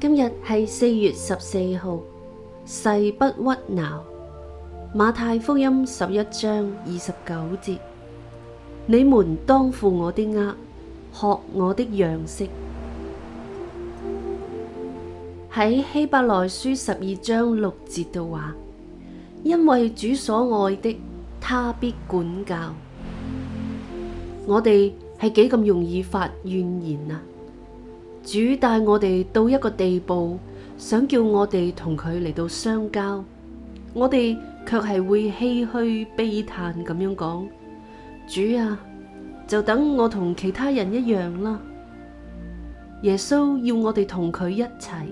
今日係四月十四號，誓不屈撓。馬太福音十一章二十九節：你們當負我的軛，學我的樣式。喺希伯來書十二章六節度話：因為主所愛的，他必管教。我哋係幾咁容易發怨言啊！主帶我哋到一個地步，想叫我哋同佢嚟到相交，我哋卻係會唏噓悲嘆咁樣講：主啊，就等我同其他人一樣啦。耶穌要我哋同佢一齊，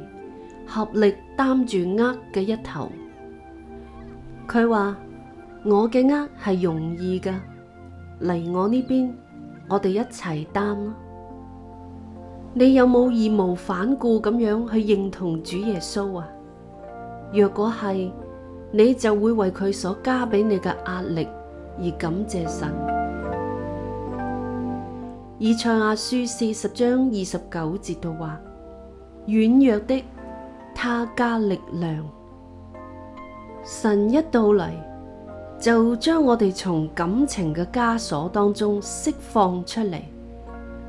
合力擔住軛嘅一頭。佢話：我嘅軛係容易噶，嚟我呢邊，我哋一齊擔啦。你有冇義無反顧咁樣去認同主耶穌啊？若果係，你就會為佢所加畀你嘅壓力而感謝神。以賽亞書四十章二十九節度話：軟弱的他加力量，神一到嚟，就將我哋從感情嘅枷鎖當中釋放出嚟。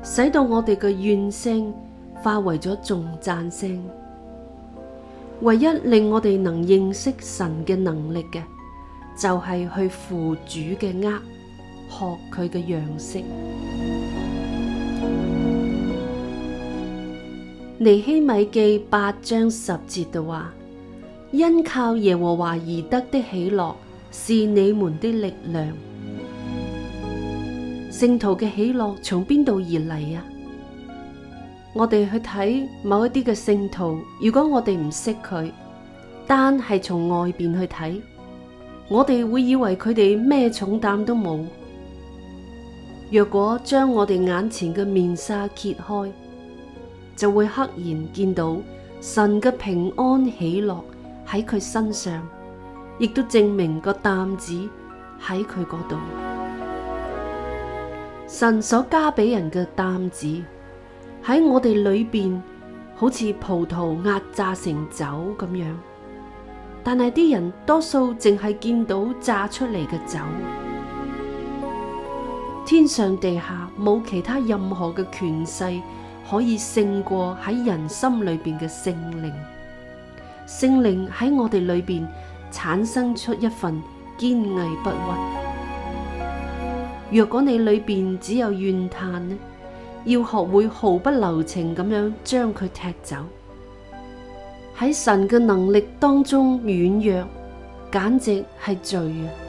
使到我哋嘅怨聲化為咗重讚聲，唯一令我哋能認識神嘅能力嘅，就係、是、去負主嘅軛，學佢嘅樣式。尼希米記八章十節就話：因靠耶和華而得的喜樂，是你們的力量。聖徒嘅喜樂從邊度而嚟啊？我哋去睇某一啲嘅聖徒，如果我哋唔識佢，單係從外邊去睇，我哋會以為佢哋咩重擔都冇。若果將我哋眼前嘅面紗揭開，就會赫然見到神嘅平安喜樂喺佢身上，亦都證明個擔子喺佢嗰度。神所加俾人嘅擔子喺我哋裏邊好似葡萄壓榨成酒咁樣，但係啲人多數淨係見到榨出嚟嘅酒。天上地下冇其他任何嘅權勢可以勝過喺人心裏邊嘅聖靈，聖靈喺我哋裏邊產生出一份堅毅不屈。若果你裏面只有怨嘆呢，要學會毫不留情咁樣將佢踢走。喺神嘅能力當中軟弱，簡直係罪啊！